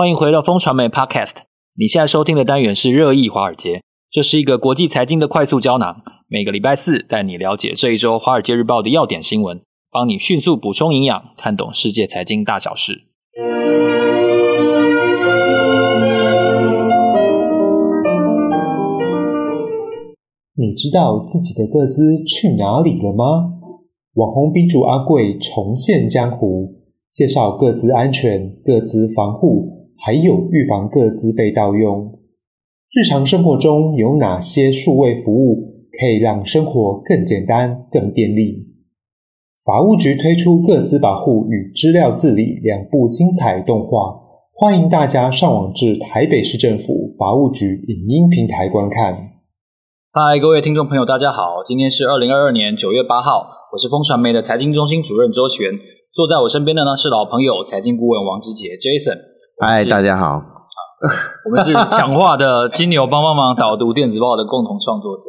歡迎回到風傳媒 Podcast。你現在收聽的單元是熱議華爾街，這是一個國際財經的快速膠囊。每個禮拜四帶你了解這一周《華爾街日報》的要點新聞，幫你迅速補充營養，看懂世界財經大小事。你知道自己的個資去哪裡了嗎？網紅鼻祖阿貴重現江湖，介紹個資安全、個資防護，還有預防個資被盜用。日常生活中有哪些數位服務可以讓生活更簡單、更便利？法務局推出個資保護與資料自理兩部精彩動畫，歡迎大家上網至台北市政府法務局影音平台觀看。嗨，各位聽眾朋友，大家好，今天是二零二二年九月八號，我是風傳媒的財經中心主任周璇。坐在我身邊的呢是老朋友、財經顧問王之杰 （Jason）。嗨，Hi, 大家好！啊、我們是講話的金牛幫幫，幫忙導讀《電子報》的共同創作者。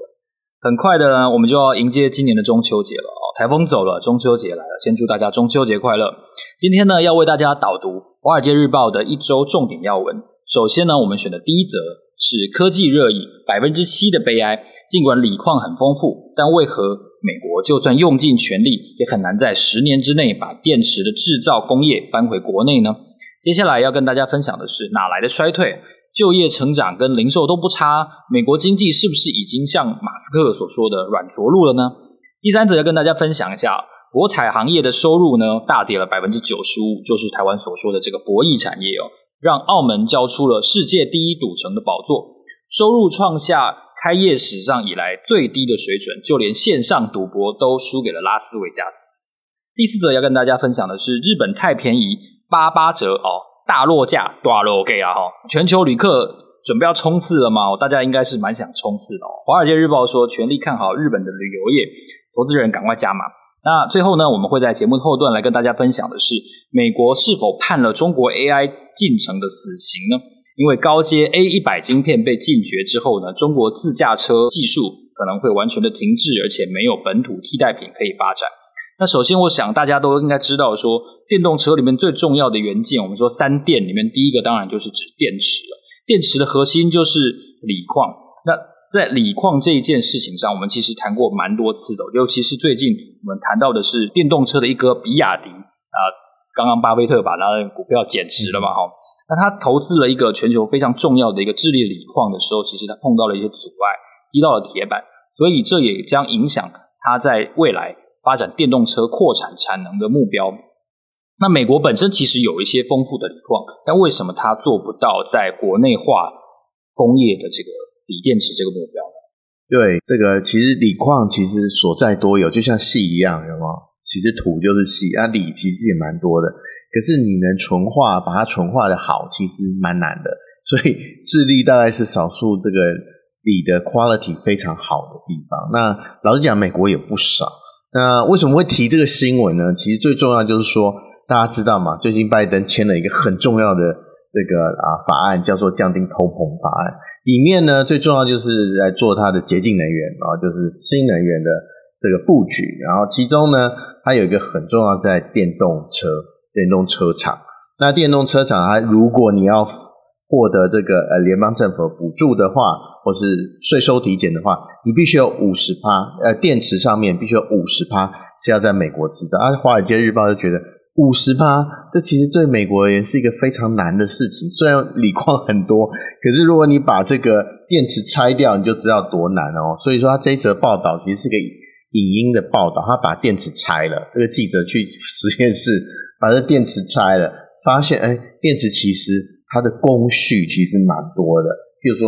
很快的呢，我們就要迎接今年的中秋節了哦，颱風走了，中秋節來了，先祝大家中秋節快樂！今天呢，要為大家導讀《華爾街日報》的一周重點要聞。首先呢，我們選的第一則是科技熱議：百分之七的悲哀。儘管鋰礦很豐富，但為何？美國就算用盡全力，也很難在十年之內把電池的制造工業搬回國內呢。接下來要跟大家分享的是哪來的衰退？就業成長跟零售都不差，美國經濟是不是已經像馬斯克所說的軟着陸了呢？第三則要跟大家分享一下，博彩行業的收入呢大跌了百分之九十五，就是台灣所說的這個博弈產業哦，讓澳門交出了世界第一賭城的寶座，收入創下開業史上以來最低的水準，就連線上賭博都輸給了拉斯維加斯。第四則要跟大家分享的是，日本太便宜，八八折哦，大落價，大落價啊、哦、全球旅客準備要衝刺了嗎、哦？大家應該是蠻想衝刺的哦。《華爾街日報》說，全力看好日本的旅遊業，投資人趕快加碼。那最後呢，我們會在節目後段來跟大家分享的是，美國是否判了中國 AI 進程的死刑呢？因為高階 A100 晶片被禁絕之後呢，中國自駕車技術可能會完全的停滯，而且沒有本土替代品可以發展。那首先，我想大家都應該知道說，說電動車裡面最重要的元件，我們說三電裡面第一個當然就是指電池了。電池的核心就是鋰礦。那在鋰礦這一件事情上，我們其實談過蠻多次的，尤其是最近我們談到的是電動車的一哥比亞迪啊，剛剛巴菲特把他的股票減持了嘛，哈、嗯。那他投資了一個全球非常重要的一個智利鋰礦的時候，其實他碰到了一些阻礙，踢到了鐵板，所以這也將影響他在未來發展電動車擴產產能的目標。那美國本身其實有一些豐富的鋰礦，但為什麼他做不到在國內化工業的這個鋰電池這個目標呢？對，這個其實鋰礦其實所在多有，就像戲一樣，有嗎？其實土就是細，那、啊、鋰其實也蠻多的，可是你能純化，把它純化得好，其實蠻難的。所以智利大概是少數這個鋰的 quality 非常好的地方。那老實講，美國也不少。那為什麼會提這個新聞呢？其實最重要就是說，大家知道嗎？最近拜登簽了一個很重要的這個啊法案，叫做降低通膨法案。裡面呢，最重要就是在做它的潔淨能源，然後就是新能源的這個布局。然後其中呢，它有一個很重要，在電動車、電動車廠。那電動車廠，它如果你要獲得這個呃聯邦政府補助的話，或是稅收抵減的話，你必須有五十趴，呃電池上面必須有五十趴是要在美國製造。而、啊、華爾街日報就覺得五十趴，這其實對美國而言是一個非常難的事情。雖然鋰礦很多，可是如果你把這個電池拆掉，你就知道多難哦。所以說，他這一則報道其實是個。影音的報道，他把電池拆了。這個記者去實驗室把這電池拆了，發現哎、欸，電池其實它的工序其實蠻多的。譬如說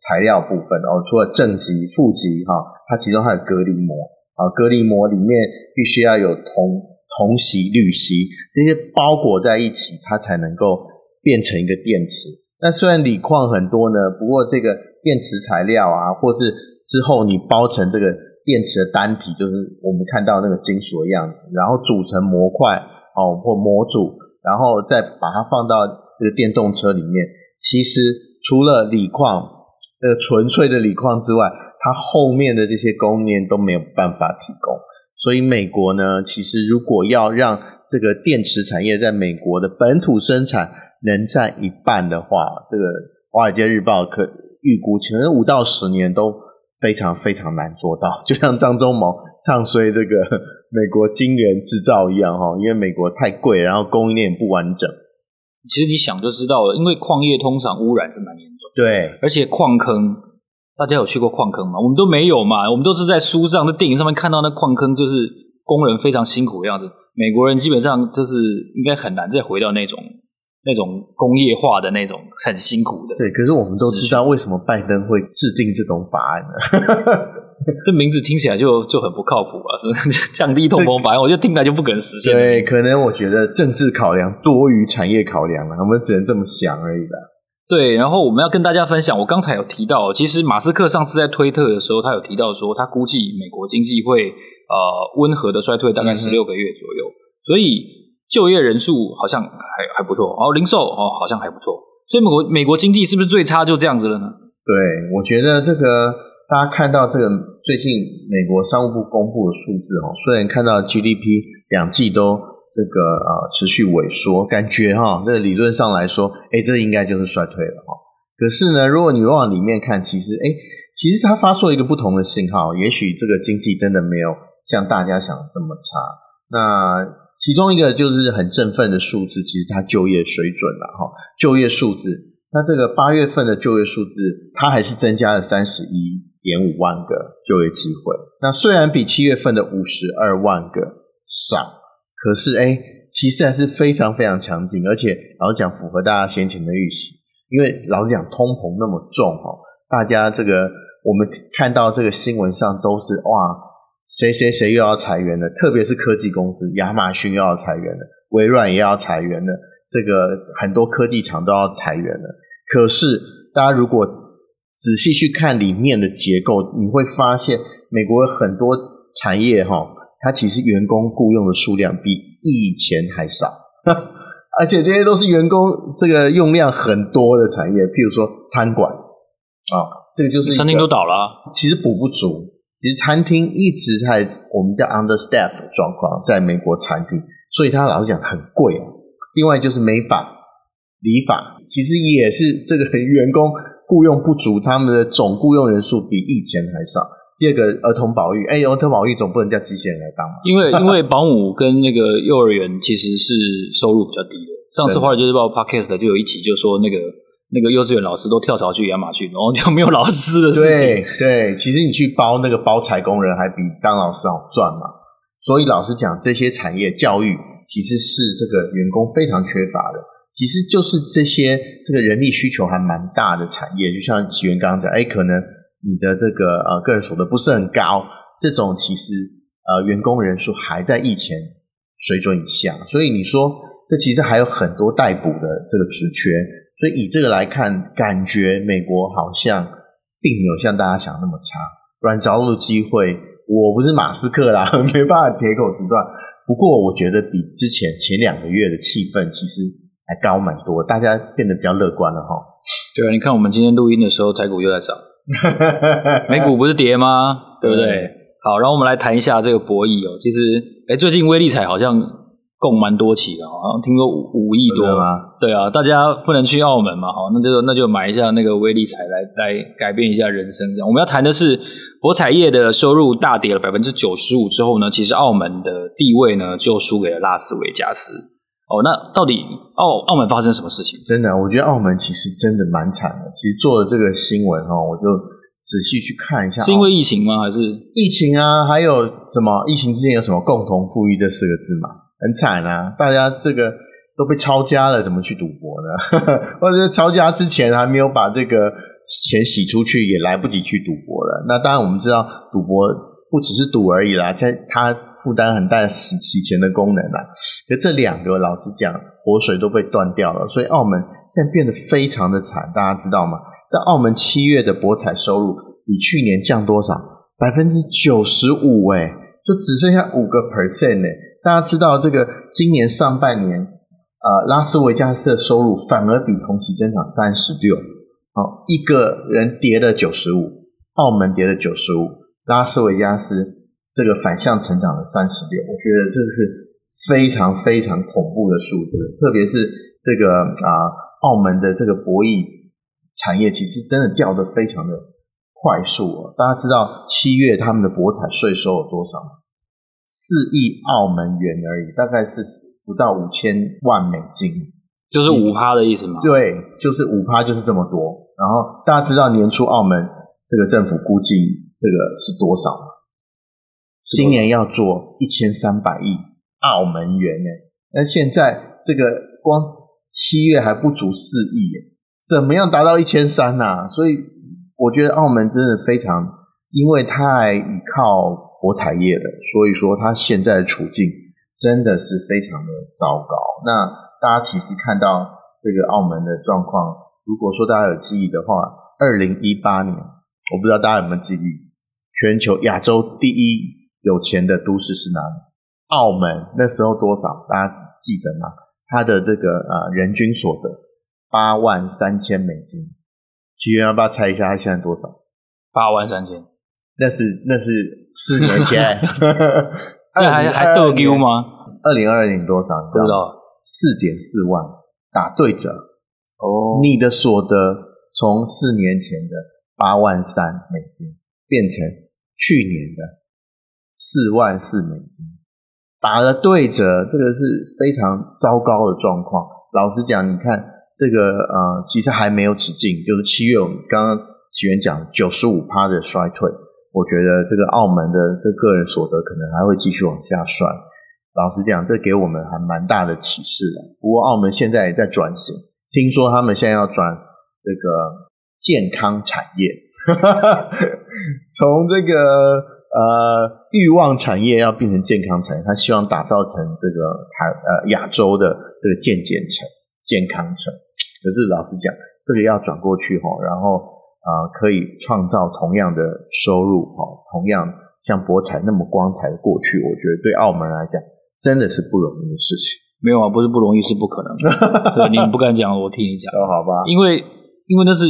材料部分哦，除了正極、負極哈，它、哦、其中還有隔離膜啊，隔離膜裡面必須要有銅、銅錫、氯錫這些包裹在一起，它才能夠變成一個電池。那雖然鋰礦很多呢，不過這個電池材料啊，或是之後你包成這個。電池的單體就是我們看到那個金屬的樣子，然後組成模塊哦或模組，然後再把它放到這個電動車裡面。其實除了鋰礦呃、這個、純粹的鋰礦之外，它後面的這些供應鏈都沒有辦法提供。所以美國呢，其實如果要讓這個電池產業在美國的本土生產能佔一半的話，這個《華爾街日報》可預估可能五到十年都。非常非常難做到，就像張忠謀唱衰這個美國晶圓製造一樣哈，因為美國太貴，然後供應鏈也不完整。其實你想就知道了，因為礦業通常污染是蠻嚴重的，對，而且礦坑，大家有去過礦坑嗎？我們都沒有嘛，我們都是在書上、在電影上面看到那礦坑，就是工人非常辛苦的樣子。美國人基本上就是應該很難再回到那種。那種工業化的那種很辛苦的，對。可是我們都知道為什麼拜登會制定這種法案呢？ 這名字聽起來就就很不靠譜啊！是不是？降低通膨法案，我覺得聽起來就不可能實現。對，可能我覺得政治考量多於產業考量了，啊，我們只能這麼想而已吧。對，然後我們要跟大家分享，我剛才有提到，其實馬斯克上次在推特的時候，他有提到說，他估計美國經濟會呃溫和的衰退，大概十六個月左右，嗯、所以。就業人數好像還還不錯，哦，零售哦好像還不錯，所以美國美國經濟是不是最差就這樣子了呢？對，我覺得這個大家看到這個最近美國商務部公布的數字哦，雖然看到 GDP 兩季都這個啊、呃、持續萎縮，感覺哈、哦，這個、理論上來說，誒這應該就是衰退了哈、哦。可是呢，如果你往裡面看，其實誒其實它發出了一個不同的信號，也許這個經濟真的沒有像大家想的這麼差。那其中一個就是很振奮的數字，其實它就業水準了哈，就業數字，那這個八月份的就業數字，它還是增加了三十一點五萬個就業機會。那雖然比七月份的五十二萬個少，可是，誒，其實還是非常非常強勁，而且老實講，符合大家先前的預期。因為老實講，通膨那麼重哈，大家這個我們看到這個新聞上都是哇。誰誰誰又要裁員了？特別是科技公司，亞馬遜又要裁員了，微軟也要裁員了。這個很多科技廠都要裁員了。可是，大家如果仔細去看裡面的結構，你會發現，美國有很多產業哈，它其實員工僱傭的數量比以前還少，而且這些都是員工這個用量很多的產業，譬如說餐館啊，這個就是餐廳都倒了啊，其實補不足。其實餐廳一直在我們叫 under staff 狀況，在美國餐廳，所以他老是講很貴。另外就是美髮、理髮，其實也是這個員工雇傭不足，他們的總雇傭人數比以前還少。第二個兒童保育，哎、欸，兒童保育總不能叫機器人來當，因為、啊、因為保姆跟那個幼兒園其實是收入比較低的。上次華爾街日報 podcast 就有一集就說那個。那個幼稚園老師都跳槽去亞馬遜，然後就沒有老師的事情。對對，其實你去包那個包材工人還比當老師好賺嘛。所以老實講，這些產業教育其實是這個員工非常缺乏的。其實就是這些這個人力需求還蠻大的產業，就像岐原剛剛講，哎、欸，可能你的這個呃個人所得不是很高，這種其實呃員工人數還在以前水準以下。所以你說，這其實還有很多待補的這個職缺。所以以這個來看，感覺美國好像並沒有像大家想的那麼差，軟着陸的機會。我不是馬斯克啦，沒辦法鐵口直斷。不過我覺得比之前前兩個月的氣氛其實還高蠻多，大家變得比較樂觀了哈。對啊，你看我們今天錄音的時候，台股又在漲，美股不是跌嗎？ 對不對？對。好，然後我們來談一下這個博弈哦。其實，誒最近威力彩好像。共蠻多起的哈，好像聽說五億多嗎？對啊，大家不能去澳門嘛，哈，那就那就買一下那個威力彩來來改變一下人生這樣。我們要談的是博彩業的收入大跌了百分之九十五之後呢，其實澳門的地位呢就輸給了拉斯維加斯。哦，那到底澳澳門發生什麼事情？真的，我覺得澳門其實真的蠻慘的。其實做了這個新聞哈，我就仔細去看一下，是因為疫情嗎？還是疫情啊？還有什麼疫情之間有什麼共同富裕這四個字嗎？很慘啊！大家這個都被抄家了，怎麼去賭博呢？ 或者抄家之前還沒有把這個錢洗出去，也來不及去賭博了。那當然，我們知道賭博不只是賭而已啦，在它負擔很大的洗錢的功能啦。所以這兩個老實講，活水都被斷掉了，所以澳門現在變得非常的慘，大家知道嗎？在澳門七月的博彩收入比去年降多少？百分之九十五欸，就只剩下五個 percent 欸。欸大家知道這個今年上半年，呃，拉斯維加斯的收入反而比同期增長三十六，好，一個人跌了九十五，澳門跌了九十五，拉斯維加斯這個反向成長了三十六，我覺得這是非常非常恐怖的數字，特別是這個啊、呃，澳門的這個博弈產業其實真的掉得非常的快速哦，大家知道七月他們的博彩稅收有多少？四億澳門元而已，大概是不到五千萬美金，就是五趴的意思嘛。對，就是五趴，就是這麼多。然後大家知道年初澳門這個政府估計這個是多少嗎？今年要做一千三百億澳門元誒，那現在這個光七月還不足四億，怎麼樣達到一千三啊？所以我覺得澳門真的非常，因為它還依靠。博彩業的，所以說他現在的處境真的是非常的糟糕。那大家其實看到這個澳門的狀況，如果說大家有記憶的話，二零一八年，我不知道大家有沒有記憶，全球亞洲第一有錢的都市是哪裡？澳門那時候多少？大家記得嗎？他的這個呃、啊、人均所得八萬三千美金，岐原要不要猜一下他現在多少？八萬三千。那是那是，四年前， 這還還逗 Q 嗎？二零二二年多少？你知道？四點四萬，打對折哦、oh。你的所得從四年前的八萬三美金變成去年的四萬四美金，打了對折，這個是非常糟糕的狀況。老實講，你看這個呃，其實還沒有止境，就是七月我們剛剛起源講九十五趴的衰退。我覺得這個澳門的這個個人所得可能還會繼續往下算。老實講，這給我們還蠻大的啟示的。不過，澳門現在也在轉型，聽說他們現在要轉這個健康產業，哈哈哈。從這個呃欲望產業要變成健康產業，他希望打造成這個台呃亞洲的這個健檢城、健康城。可是，老實講，這個要轉過去哈，然後。啊、呃，可以創造同樣的收入，哈，同樣像博彩那麼光彩的過去，我覺得對澳門來講真的是不容易的事情。沒有啊，不是不容易，是不可能的。對， 對，你不敢講，我替你講。哦、好吧，因為因為那是，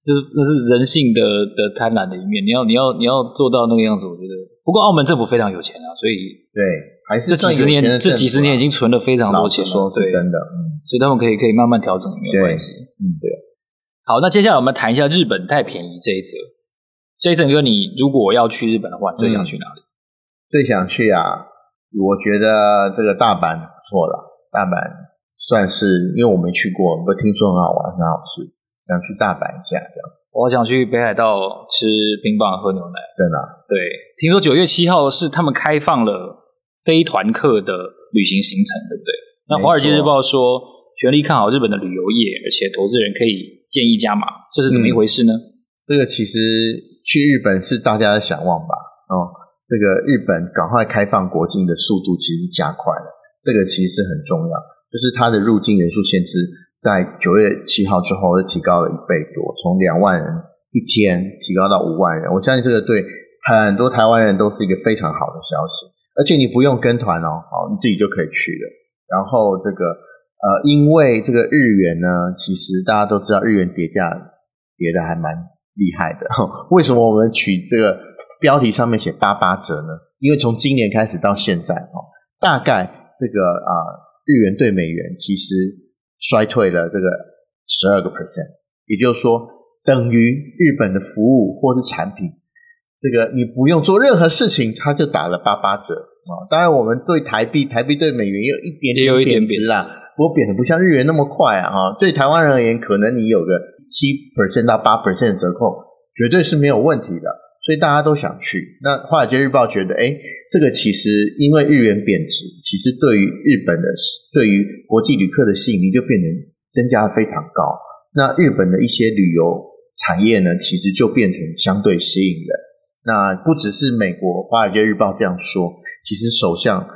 就是那是人性的的貪婪的一面。你要你要你要做到那個樣子，我覺得。不過澳門政府非常有錢啊，所以對，還是這幾十年這幾十年已經存了非常多錢了，說是真的對。嗯，所以他們可以可以慢慢調整，沒有關係。嗯，對。好，那接下來我們談一下日本太便宜這一則。這一則，Jason 哥，你如果要去日本的話，你最想去哪裡、嗯？最想去啊！我覺得這個大阪不錯了。大阪算是，因為我沒去過，不過聽說很好玩，很好吃。想去大阪一下，這樣子。我想去北海道吃冰棒，喝牛奶。真的、啊？對。聽說九月七號是他們開放了非團客的旅行行程，對不對？那《華爾街日報》說，全力看好日本的旅遊業，而且投資人可以。建議加碼，這是怎麼一回事呢？嗯，這個其實去日本是大家的想望吧？哦，這個日本趕快開放國境的速度其實加快了，這個其實是很重要。就是它的入境人數限制在九月七號之後又提高了一倍多，從兩萬人一天提高到五萬人。我相信這個對很多台灣人都是一個非常好的消息，而且你不用跟團哦，哦，你自己就可以去了。然後這個。呃，因為這個日元呢，其實大家都知道，日元跌價跌的還蠻厲害的。為什麼我們取這個標題上面寫八八折呢？因為從今年開始到現在，哦，大概這個啊、呃，日元對美元其實衰退了這個十二個 percent，也就是說，等於日本的服務或是產品，這個你不用做任何事情，它就打了八八折啊。當然，我們對台幣，台幣對美元也有一點點貶值啦。我貶得不像日元那麼快啊！哈，對台灣人而言，可能你有個七 percent 到八 percent 的折扣，絕對是沒有問題的。所以大家都想去。那華爾街日報覺得，哎，這個其實因為日元貶值，其實對於日本的、對於國際旅客的吸引力就變成增加的非常高。那日本的一些旅遊產業呢，其實就變成相對吸引的。那不只是美國華爾街日報這樣說，其實首相。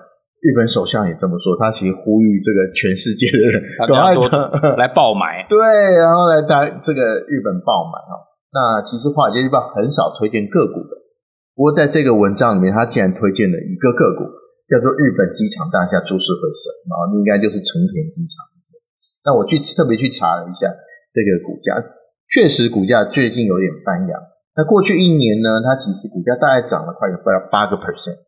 日本首相也這麼說，他其實呼籲這個全世界的人趕快來爆買， 對，然後來打這個日本爆買啊、哦。那其實華爾街日報很少推薦個股的，不過在這個文章裡面，他竟然推薦了一個個股，叫做日本機場大廈株式會社，然後應該就是成田機場。那我去特別去查了一下，這個股價確實股價最近有點翻揚。那過去一年呢，它其實股價大概漲了快快要八個 percent。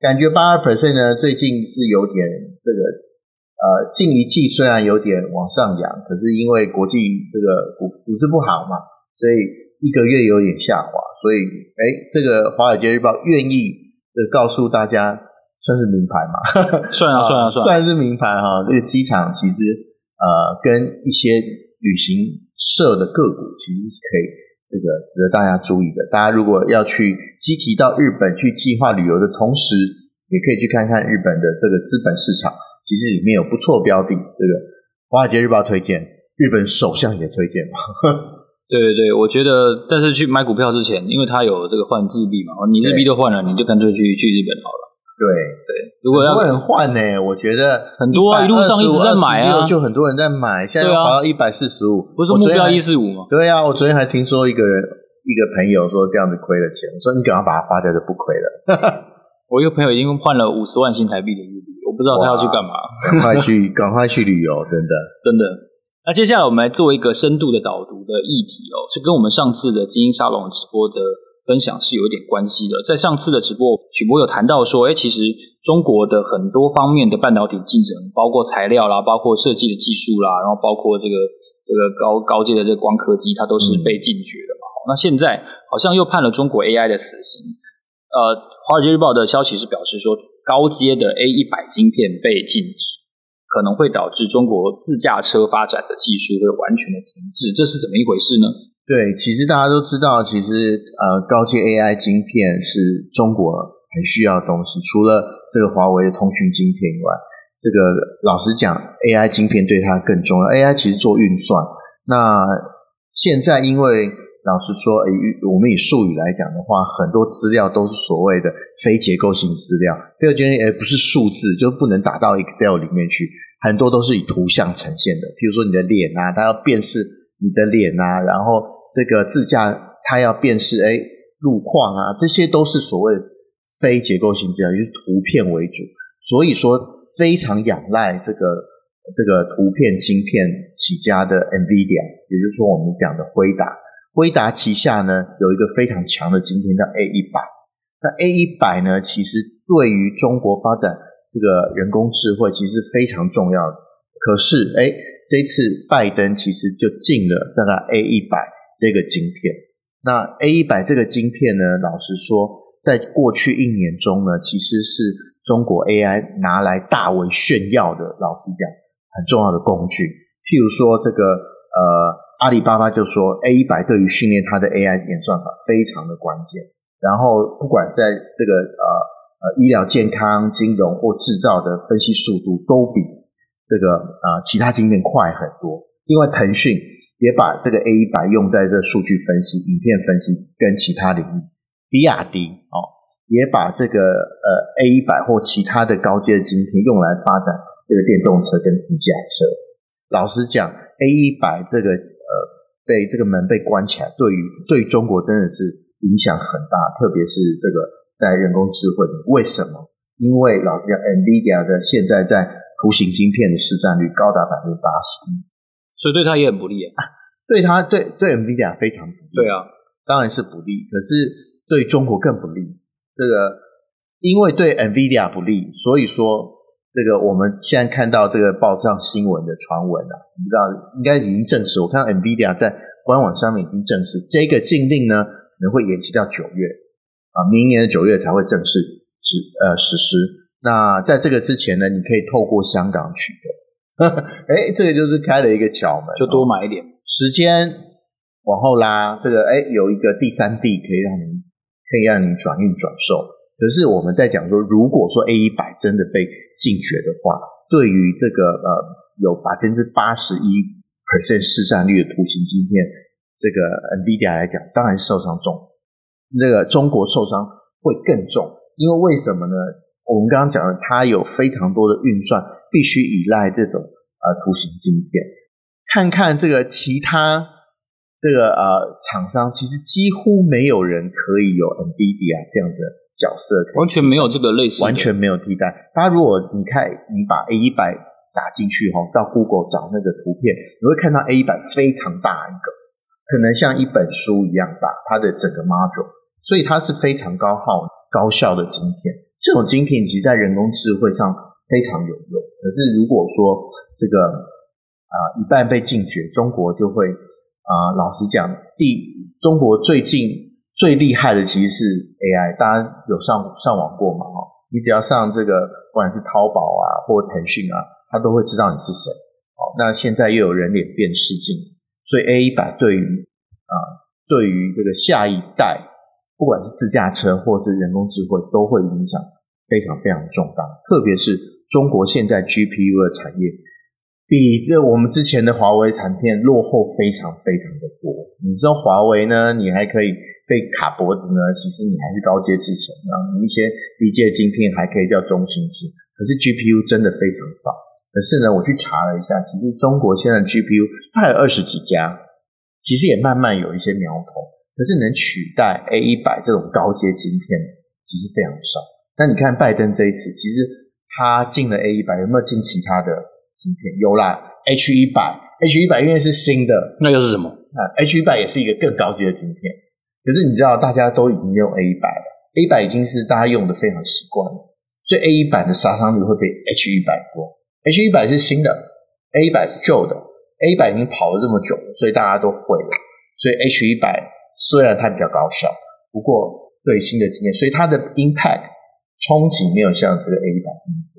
感覺八二 percent 呢，最近是有點這個，呃，近一季雖然有點往上揚，可是因為國際這個股股市不好嘛，所以一個月有點下滑。所以，哎、欸，這個《華爾街日報》願意的告訴大家，算是名牌嘛、 啊？算啊，算啊，算是名牌哈、哦。這個機場其實，呃，跟一些旅行社的個股其實是可以。這個值得大家注意的。大家如果要去積極到日本去計劃旅遊的同時，也可以去看看日本的這個資本市場，其實裡面有不錯標的，對不對？華爾街日報推薦，日本首相也推薦嘛。 對對對，我覺得，但是去買股票之前，因為他有這個換日幣嘛，你日幣都換了，你就乾脆去去日本好了。對對，如果要換呢、欸啊，我覺得很多一路上一直在買啊，就很多人在買，現在跑到一百四十五，不是目標一四五嗎？對啊，我昨天還聽說一個人、嗯、一個朋友說這樣子虧了錢，我說你趕快把它花掉就不虧了。 我一個朋友已經換了五十萬新台幣的日幣，我不知道他要去幹嘛，趕 快去趕快去旅遊，真的真的。那接下來我們來做一個深度的導讀的議題哦、喔，是跟我們上次的精英沙龍直播的分享是有一點關係的。在上次的直播，曲博有談到說，哎、欸，其實中國的很多方面的半導體競爭，包括材料啦，包括設計的技術啦，然後包括這個這個高高階的這個光刻機，它都是被禁絕的嘛、嗯。那現在好像又判了中國 AI 的死刑。呃，華爾街日報的消息是表示說，高階的 A100 晶片被禁止，可能會導致中國自駕車發展的技術會完全的停滯。這是怎麼一回事呢？對，其實大家都知道，其實呃，高階 AI 晶片是中國很需要的東西。除了這個華為的通訊晶片以外，這個老實講，AI 晶片對它更重要。AI 其實做運算，那現在因為老實說，誒我們以術語來講的話，很多資料都是所謂的非結構性資料，非結構性不是數字，就不能打到 Excel 裡面去，很多都是以圖像呈現的，譬如說你的臉啊，它要辨識你的臉啊，然後。這個自駕它要辨識誒路況啊，這些都是所謂非結構性資料，就是圖片為主，所以說非常仰賴這個這個圖片晶片起家的 NVIDIA，也就是說我們講的輝達，輝達旗下呢有一個非常強的晶片叫 A 一百，那 A 一百呢其實對於中國發展這個人工智慧其實是非常重要的，可是哎這一次拜登其實就禁了這個 A 一百。這個晶片，那 A 一百這個晶片呢，老實說，在過去一年中呢，其實是中國 AI 拿來大為炫耀的，老實講，很重要的工具。譬如說，這個呃，阿里巴巴就說 A 一百對於訓練它的 AI 演算法非常的關鍵。然後，不管是在這個呃呃醫療健康、金融或製造的分析速度，都比這個啊、呃、其他晶片快很多。因為騰訊，也把這個 A 一百用在這數據分析、影片分析跟其他領域。比亞迪哦，也把這個呃 A 一百或其他的高階的晶片用來發展這個電動車跟自駕車。老實講，A 一百這個呃被這個門被關起來，對於對於中國真的是影響很大，特別是這個在人工智慧。為什麼？因為老實講，NVIDIA 的現在在圖形晶片的市占率高達百分之八十一。所以對他也很不利啊，對他對對 NVIDIA 非常不利。對啊，當然是不利，可是對中國更不利。這個因為對 NVIDIA 不利，所以說這個我們現在看到這個報上新聞的傳聞啊，你知道，應該已經證實。我看到 NVIDIA 在官網上面已經證實，這個禁令呢，可能會延期到九月啊，明年的九月才會正式實呃實施。那在這個之前呢，你可以透過香港取得。哎，這個就是開了一個竅門，就多買一點、哦、時間往後拉。這個哎，有一個第三地可以讓你可以讓你轉運轉售。可是我們在講說，如果說 A 一百真的被禁絕的話，對於這個呃有百分之八十一市占率的圖形今天這個 NVIDIA 來講，當然受傷重。那個中國受傷會更重，因為為什麼呢？我們剛剛講了，它有非常多的運算。必須依賴這種呃圖形晶片。看看這個其他這個呃廠商，其實幾乎沒有人可以有 NVIDIA 這樣的角色可以，完全沒有這個類似，完全沒有替代。大家如果你看，你把 A 一百打進去哈，到 Google 找那個圖片，你會看到 A 一百非常大一個，可能像一本書一樣大，它的整個 model，所以它是非常高耗高效的。的片。片這種其實在人工智慧上非常有用。可是，如果說這個啊，一旦被禁絕，中國就會啊，老實講，第中國最近最厲害的其實是 AI，大家有上上網過嘛？哦，你只要上這個，不管是淘寶啊，或騰訊啊，他都會知道你是誰。好、哦，那現在又有人臉辨識禁，所以 A 一百對於啊，對於這個下一代，不管是自駕車或是人工智慧，都會影響非常非常重大，特別是。中國現在 GPU 的產業比這我們之前的華為產片落後非常非常的多。你知道華為呢，你還可以被卡脖子呢，其實你還是高階製程啊，你一些低階的晶片還可以叫中芯製，可是 GPU 真的非常少。可是呢，我去查了一下，其實中國現在 GPU 它有二十幾家，其實也慢慢有一些苗頭。可是能取代 A100 這種高階晶片，其實非常少。但你看拜登這一次，其實。他進了 A 一百，有沒有進其他的晶片？有啦，H 一百，H 一百因為是新的，那又是什麼？啊，H 一百也是一個更高級的晶片。可是你知道，大家都已經用 A 一百了，A 一百已經是大家用的非常習慣了，所以 A 一百的殺傷力會比 H 一百多。H 一百是新的，A 一百是舊的，A 一百已經跑了這麼久，所以大家都會了，所以 H 一百雖然它比較高效，不過對新的晶片，所以它的 impact。衝擊沒有像這個 A100 那麼多，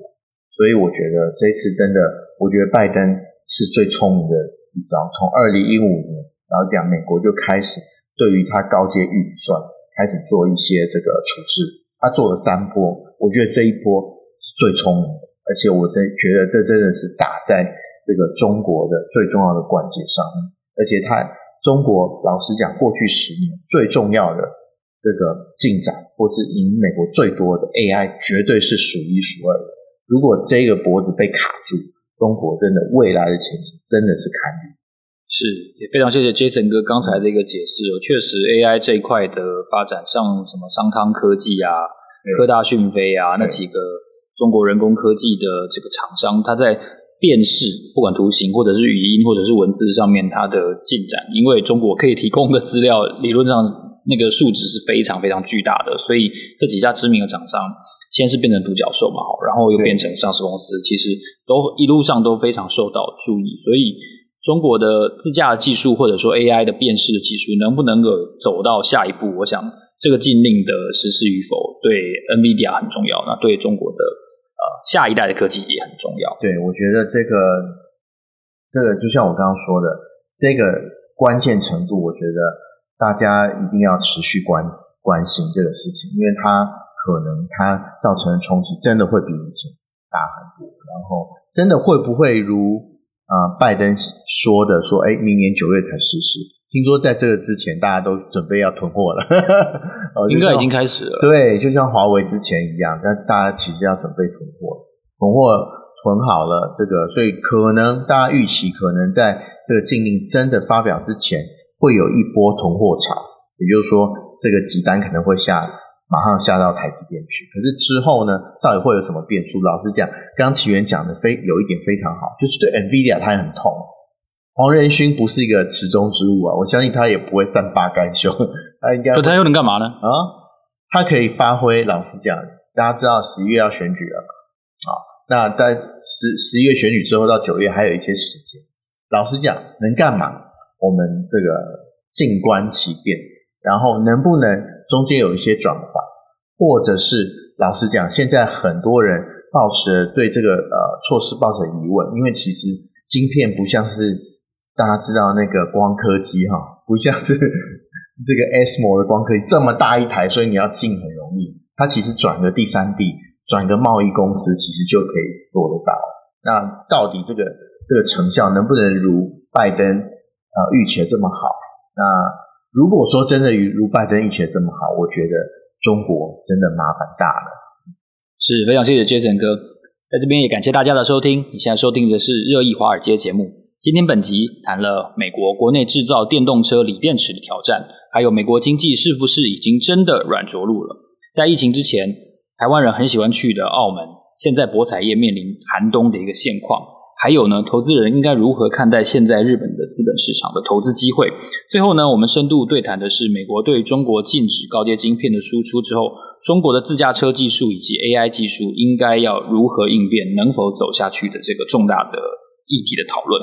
所以我覺得這次真的，我覺得拜登是最聰明的一招。從二零一五年，然後講美國就開始對於他高階預算開始做一些這個處置，他做了三波，我覺得這一波是最聰明的，而且我真覺得這真的是打在這個中國的最重要的關節上面，而且他中國老實講，過去十年最重要的。這個進展，或是贏美國最多的 AI，絕對是數一數二的。如果這個脖子被卡住，中國真的未來的前景真的是堪憂。是，也非常謝謝 Jason 哥剛才這個解釋。確實，AI 這一塊的發展，像什麼商湯科技啊、科大訊飛啊那幾個中國人工科技的這個廠商，它在辨識，不管圖形或者是語音或者是文字上面，它的進展，因為中國可以提供的資料理論上。那個數值是非常非常巨大的，所以這幾家知名的廠商先是變成獨角獸嘛，然後又變成上市公司，其實都一路上都非常受到注意。所以中國的自駕技術或者說 AI 的辨識的技術能不能夠走到下一步？我想這個禁令的實施與否對 NVIDIA 很重要，那對中國的，呃，下一代的科技也很重要。對，我覺得這個這個就像我剛剛說的，這個關鍵程度，我覺得。大家一定要持續關關心這個事情，因為它可能它造成的衝擊真的會比以前大很多。然後，真的會不會如啊、呃、拜登說的說，誒明年九月才實施？聽說在這個之前，大家都準備要囤貨了，應該已經開始了、 呃。應該已經開始了。對，就像華為之前一樣，但大家其實要準備囤貨，囤貨囤好了這個，所以可能大家預期可能在這個禁令真的發表之前。會有一波囤貨潮，也就是說，這個急單，可能會下，馬上下到台積電去。可是之後呢，到底會有什麼變數？老實講，剛岐原講的非有一點非常好，就是對 NVIDIA 它也很痛。黃仁勳不是一個池中之物啊，我相信他也不會善罷甘休。他應該，可他又能幹嘛呢？啊、哦，他可以發揮。老實講，大家知道十一月要選舉了，啊、哦，那在十十一月選舉之後到九月還有一些時間。老實講，能幹嘛？我們這個靜觀其變，然後能不能中間有一些轉法，或者是老實講，現在很多人抱持了對這個呃措施抱着疑問，因為其實晶片不像是大家知道那個光刻機哈，不像是這個 ASML 的光刻機這麼大一台，所以你要進很容易。它其實轉個第三地，轉個貿易公司，其實就可以做得到。那到底這個這個成效能不能如拜登？啊，預期這麼好，那如果說真的與如拜登預期這麼好，我覺得中國真的麻煩大了。是，非常謝謝 Jason 哥，在這邊也感謝大家的收聽。你現在收聽的是《熱議華爾街》節目。今天本集談了美國國內制造電動車鋰電池的挑戰，還有美國經濟是不是已經真的軟着陸了？在疫情之前，台灣人很喜歡去的澳門，現在博彩業面臨寒冬的一個現況。還有呢，投資人應該如何看待現在日本的資本市場的投資機會。最後呢，我們深度對談的是美國對中國禁止高階晶片的輸出之後，中國的自駕車技術以及 AI 技術應該要如何應變，能否走下去的這個重大的議題的討論。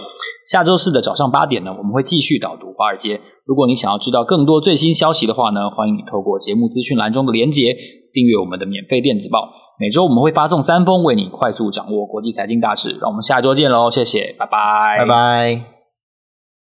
下周四的早上八點呢，我們會繼續導讀華爾街。如果你想要知道更多最新消息的話呢，歡迎你透過節目資訊欄中的連結訂閱我們的免費電子報。每周我們會發送三封，為你快速掌握國際財經大事。讓我們下周見嘍！謝謝，拜拜，拜拜。